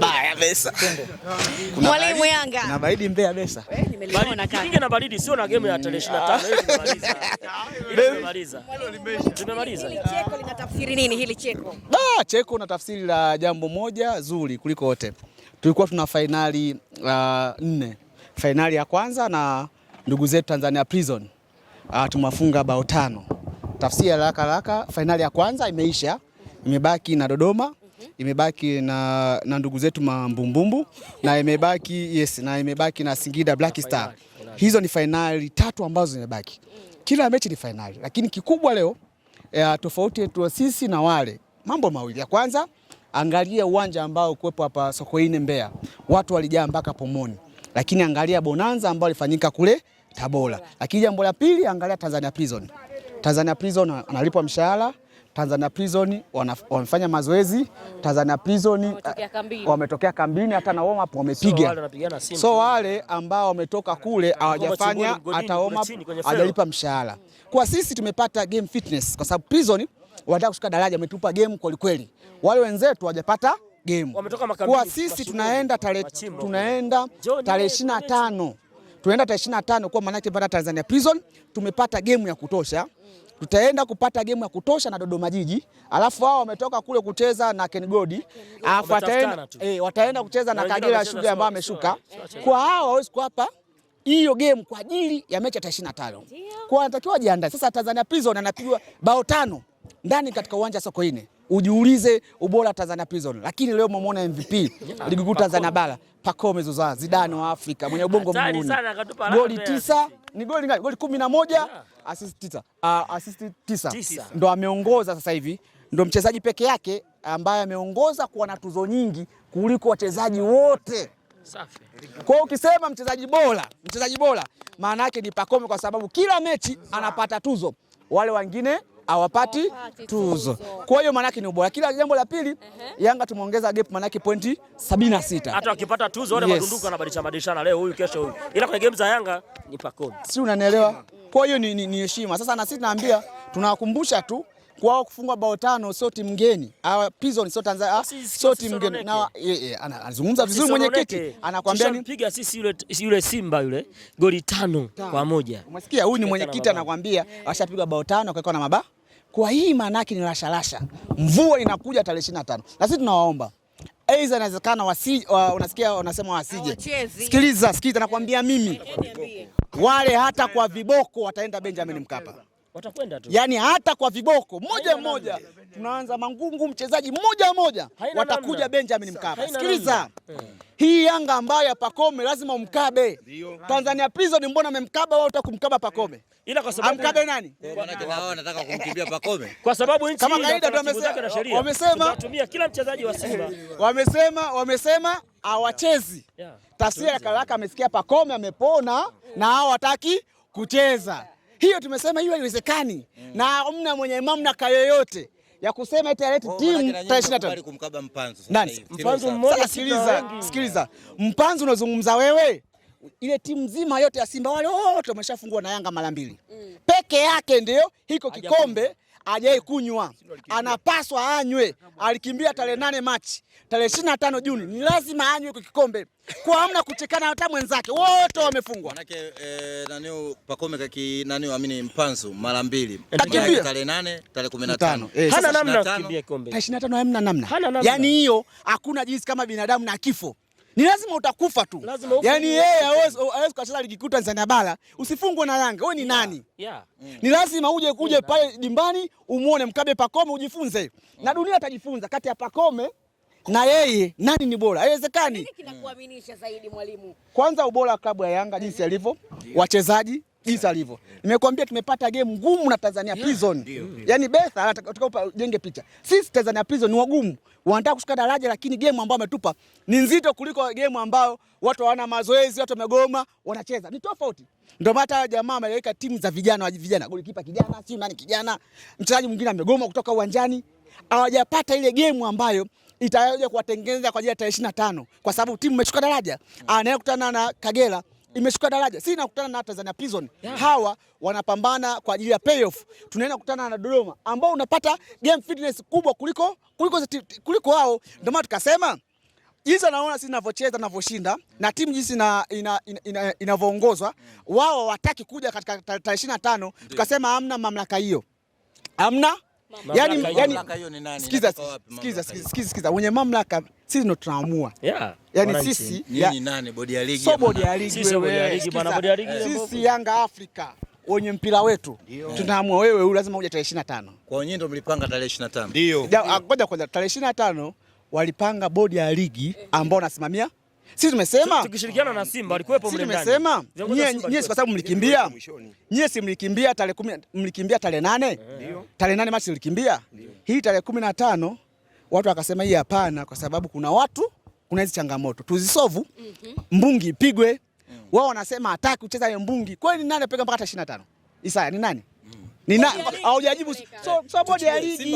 Baya besa. Mwalimu Yanga. Na baridi Mbeya besa. Kinge na baridi sio na game ya tarehe 25. Tumemaliza. Cheko linatafsiri nini hili cheko? Ah, cheko na tafsiri la jambo moja zuri kuliko wote. Tulikuwa tuna fainali uh, nne. Fainali ya kwanza na ndugu zetu Tanzania Prison. Ah, tumewafunga bao tano. Tafsiri haraka haraka, fainali ya kwanza imeisha. Imebaki na Dodoma imebaki na, na ndugu zetu Mambumbumbu na imebaki yes, na imebaki na Singida Black Star. Hizo ni fainali tatu ambazo zimebaki. Kila mechi ni fainali, lakini kikubwa leo ya eh, tofauti yetu sisi na wale mambo mawili. Ya kwanza, angalia uwanja ambao kuwepo hapa Sokoine Mbeya, watu walijaa mpaka pomoni, lakini angalia bonanza ambao ilifanyika kule Tabora. Lakini jambo la pili, angalia Tanzania Prison. Tanzania Prison analipwa mshahara Tanzania Prison wamefanya mazoezi Tanzania Prison wametokea kambini, eh, wametokea hata na warm up wamepiga. So wale ambao wametoka kule hawajafanya hata warm up, hajalipa mshahara. Kwa sisi tumepata game fitness, kwa sababu Prison wanataka kushika daraja, wametupa game kweli kweli. Wale wenzetu hawajapata game, kwa sisi tunaenda tarehe tunaenda tarehe 25 tunaenda tarehe 25 kwa maana yake Tanzania Prison tumepata game ya kutosha tutaenda kupata gemu ya kutosha na Dodoma Jiji, alafu wao wametoka kule kucheza na Kengodi, alafu ah, wataenda eh, wataenda kucheza na, Kagera Sugar ambao ameshuka. Kwa hao hawezi kuwapa hiyo game kwa ajili ya mechi ya tarehe 25. Kwa anatakiwa jiandae. Sasa Tanzania Prison anapigwa bao tano ndani katika uwanja Sokoine ujiulize ubora Tanzania Prison, lakini leo umemwona MVP ligi kuu Tanzania bara Pacome Zouzoua, Zidane wa Afrika mwenye ubongo mguuni, goli tisa ni goli ngapi? Goli kumi na moja assist tisa, uh, assist tisa, tisa. Ndo ameongoza sasa hivi, ndo mchezaji peke yake ambaye ameongoza kuwa na tuzo nyingi kuliko wachezaji wote. Safi. Kwa ukisema mchezaji bora, mchezaji bora maana yake ni Pacome, kwa sababu kila mechi anapata tuzo, wale wengine hawapati tuzo. Kwa hiyo maanake ni ubora. Kila jambo la pili, uh-huh. Yanga tumeongeza gap maanake pointi 76. Hata wakipata tuzo wale madunduko wanabadilisha madishana leo huyu kesho huyu. Ila kwenye game za Yanga ni pakoni. Si unanielewa? Kwa hiyo ni heshima. Sasa na sisi tunaambia tunawakumbusha tu kwao kufungwa bao tano sio timu ngeni. Hawa Prison sio Tanzania, ah, sio timu ngeni. Na yeye eh, eh, anazungumza vizuri mwenyekiti, anakuambia ni piga sisi yule yule Simba yule goli tano kwa moja. Umesikia? Huyu ni mwenyekiti anakuambia eh. washapigwa bao tano kwa kwa na mabao kwa hii maana yake ni rasharasha. Mvua inakuja tarehe 25. Na sisi tunawaomba Aidha, inawezekana wasi, wa, unasikia wanasema wasije. Sikiliza, sikiliza nakwambia mimi. Wale hata kwa viboko wataenda Benjamin Mkapa watakwenda tu. Yaani hata kwa viboko moja haina moja, tunaanza mangungu, mchezaji moja moja haina watakuja namna. Benjamin Mkapa. Sikiliza eh. hii Yanga ambayo ya Pakome lazima umkabe. Tanzania Prison mbona amemkaba wao, utaka kumkaba Pakome? Eh. Ila kwa sababu amkabe nani? Eh, Maana wao wanataka kumkimbia Pakome kwa sababu nchi kama kawaida ndio wamesema, wamesema watumia kila mchezaji wa Simba wamesema, wamesema hawachezi. Taswira ya Karaka amesikia Pakome amepona na hao wataki kucheza hiyo tumesema hiyo haiwezekani mm. na mna mwenye mamlaka yoyote ya kusema alete oh, timu tarehe. Sikiliza Mpanzu, unazungumza wewe, ile timu nzima yote ya Simba wale wote wameshafungua na Yanga mara mbili mm. peke yake ndio hiko kikombe hajai kunywa, anapaswa anywe. Alikimbia tarehe nane Machi, tarehe ishirini na tano Juni ni lazima anywe kwa kikombe, kwa amna kuchekana, hata mwenzake wote wamefungwa. Manake eh, nani Pakome kaki nani amini mpanzu mara mbili, eh, tarehe nane, tarehe kumi na tano eh. hana namna, tarehe ishirini na tano hamna namna. Yani hiyo hakuna jinsi, kama binadamu na kifo ni lazima utakufa tu. yani yeye hawezi kucheza ligi kuu Tanzania bara usifungwe na Yanga. Wewe ni nani? Yeah. Yeah. Mm. Ni lazima uje kuje yeah, pale dimbani umuone Mkabe Pakome ujifunze. Na mm. dunia atajifunza kati ya Pakome na yeye nani ni bora? Haiwezekani. Kinakuaminisha zaidi mwalimu. Kwanza ubora wa klabu ya Yanga jinsi alivyo, wachezaji jinsi alivyo. Nimekuambia tumepata game ngumu na Tanzania Prison. Mm. Yaani Betha anataka upajenge picha. Sisi Tanzania Prison ni wagumu. Wanataka kushuka daraja lakini game ambayo ametupa ni nzito kuliko game ambayo watu hawana mazoezi, watu wamegoma, wanacheza. Ni tofauti. Ndio maana jamaa ameweka timu za vijana vijana, golikipa kijana, si nani kijana, mchezaji mwingine amegoma kutoka uwanjani. Hawajapata ile game ambayo itaweza kuwatengeneza kwa ajili ya tarehe 25 kwa sababu timu imeshuka daraja. Mm. Anayekutana na Kagera imeshuka daraja. Sisi nakutana na Tanzania Prison yeah. Hawa wanapambana kwa ajili ya payoff, tunaenda kukutana na Dodoma ambao unapata game fitness kubwa kuliko kuliko kuliko wao. Ndio maana tukasema jinsi anaona sisi ninavyocheza ninavyoshinda na timu jinsi inavyoongozwa wao wataki kuja katika tarehe 25. Tukasema hamna mamlaka hiyo, hamna yani, yani, sikiza, sikiza, sikiza, sikiza, sikiza. wenye mamlaka sisi ndo tunaamua yeah. Yani sisi so bodi ya ligi, sisi Yanga Afrika wenye mpira wetu tunaamua, wewe huyu lazima uje tarehe 25. Kwa nyinyi ndo mlipanga tarehe 25? Ndio, ngoja kwanza, tarehe 25 walipanga bodi ya ligi ambao nasimamia sisi tumesema tukishirikiana na Simba walikuwepo mle ndani. Tumesema nyie, kwa sababu mlikimbia nyie, si mlikimbia tarehe 10, mlikimbia tarehe nane, tarehe nane Machi mlikimbia. Hii tarehe kumi na tano watu wakasema hii hapana, kwa sababu kuna watu, kuna hizi changamoto tuzisovu, mhm. mbungi ipigwe. Mm. Wao wanasema hataki kucheza ile mbungi. Kwani nani apeka mpaka tarehe 25? Isaya ni nani? Haujajibu. So, so bodi ya ligi.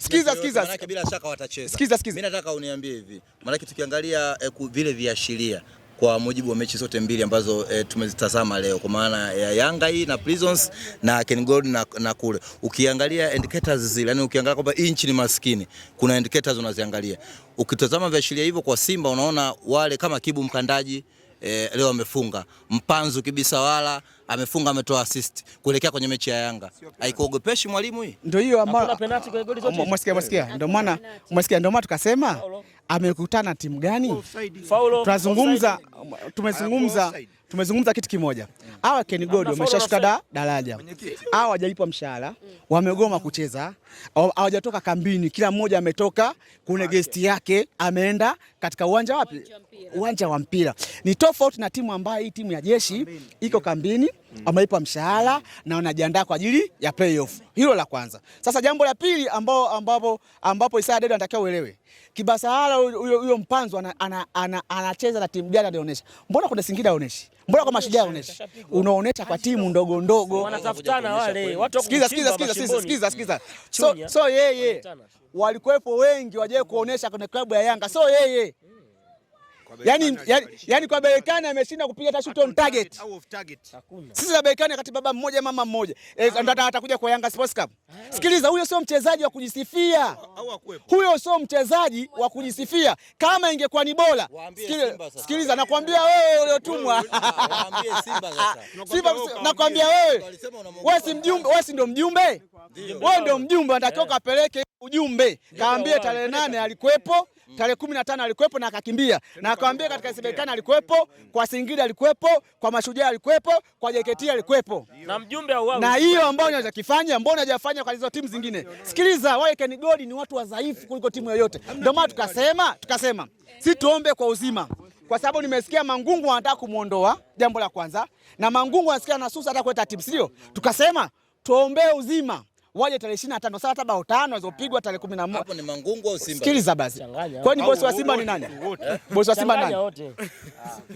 Sikiza sikiza. Maana bila shaka watacheza. Sikiza sikiza. Mimi nataka uniambie hivi. Maana tukiangalia eh, vile viashiria kwa mujibu wa mechi zote mbili ambazo eh, tumezitazama leo kwa maana ya Yanga hii na Prisons na Ken Gold na, na kule ukiangalia indicators zile, yani ukiangalia kwamba inchi ni maskini, kuna indicators unaziangalia. Ukitazama viashiria hivyo kwa Simba unaona wale kama Kibu Mkandaji eh, leo amefunga mpanzu kibisa wala amefunga, ametoa assist kuelekea kwenye mechi ya Yanga. Haikuogopeshi mwalimu hii? Ndio hiyo ambayo umesikia, umesikia. ndio maana umesikia, ndio maana tukasema amekutana timu gani? Tunazungumza, tumezungumza tumezungumza kitu kimoja. Hawa Ken Gold wameshashuka daraja, hawa hajalipwa mshahara, wamegoma kucheza, hawajatoka kambini, kila mmoja ametoka kuna gesti yake, ameenda katika uwanja wapi? Uwanja wa mpira. Ni tofauti na timu ambayo hii timu ya jeshi iko kambini, mm. mshahara na wanajiandaa kwa ajili ya playoff. Hilo la kwanza. Sasa jambo la pili ambao ambapo ambapo Isaya Dedo anatakiwa uelewe. Kibasahara huyo mpanzo anacheza ana, ana, ana, na timu gani anaonesha? Mbona kuna Singida aoneshi? Mbona kwa mashujaa aoneshi? Unaonesha kwa timu ndogo ndogo. Wanatafutana wale. Watu sikiza sikiza sikiza sikiza sikiza. So so yeye walikuwepo wengi wajae kuonesha kwenye klabu ya Yanga. So yeye yani, yani, yani kwa yaani, Berkane yaani, yaani ameshinda kupiga hata shot on target. Sisi za Berkane kati baba mmoja mama mmoja. Eh, ndio atakuja kwa Yanga Sports Club. Ah. Sikiliza, huyo sio mchezaji wa kujisifia. Huyo sio mchezaji wa kujisifia. Kama ingekuwa ni bora. Sikiliza, nakwambia wewe uliotumwa. Ah, Simba ah, sasa. Simba nakwambia wewe. Wewe si mjumbe, wewe si ndio mjumbe? Wewe ndio mjumbe, unatakiwa eh. kapeleke ujumbe. Eh. Kaambie tarehe nane alikuepo Mm. tarehe kumi na tano alikuwepo na akakimbia, na akamwambia katika Sibekani alikuwepo, mm. kwa Singida alikuwepo, kwa Mashujaa alikuwepo, kwa ah, JKT alikuwepo. Na mjumbe wao. Na hiyo ambayo unaweza kifanya mbona hajafanya kwa hizo timu zingine? Ah, Sikiliza, wao Ken Gold ni watu wadhaifu kuliko timu yoyote. Ndio maana tukasema, tukasema si tuombe kwa uzima kwa sababu nimesikia Mangungu anataka kumwondoa, jambo la kwanza, na Mangungu anasikia na Susa hata kuleta timu, sio? Tukasema tuombee uzima waje tarehe ishirini na tano saa saba au tano alizopigwa tarehe 11. Hapo ni Mangungu au Simba? Sikiliza basi. Kwani bosi wa Simba ni nani? Eh? Bosi wa Simba nani?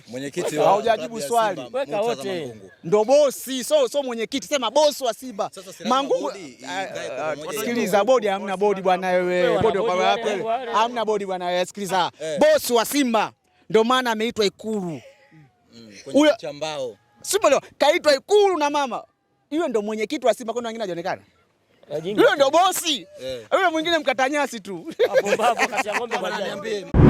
Mwenyekiti wao. Haujajibu swali. Weka wote. Ndio bosi, so so mwenyekiti, sema bosi wa Simba. Mangungu. Ah, ah, sikiliza bodi, hamna bodi bwana wewe. Bodi kwa wapi? Hamna bodi bwana wewe. Sikiliza. Eh. Bosi wa Simba ndo maana ameitwa Ikulu. Mm, Huyo chambao. leo kaitwa Ikulu na mama. hiyo ndo mwenyekiti wa Simba, kwani wengine hajaonekana? Yule ndio bosi. Eh. Yule mwingine mkatanyasi tu. Hapo hapo kati ya ng'ombe.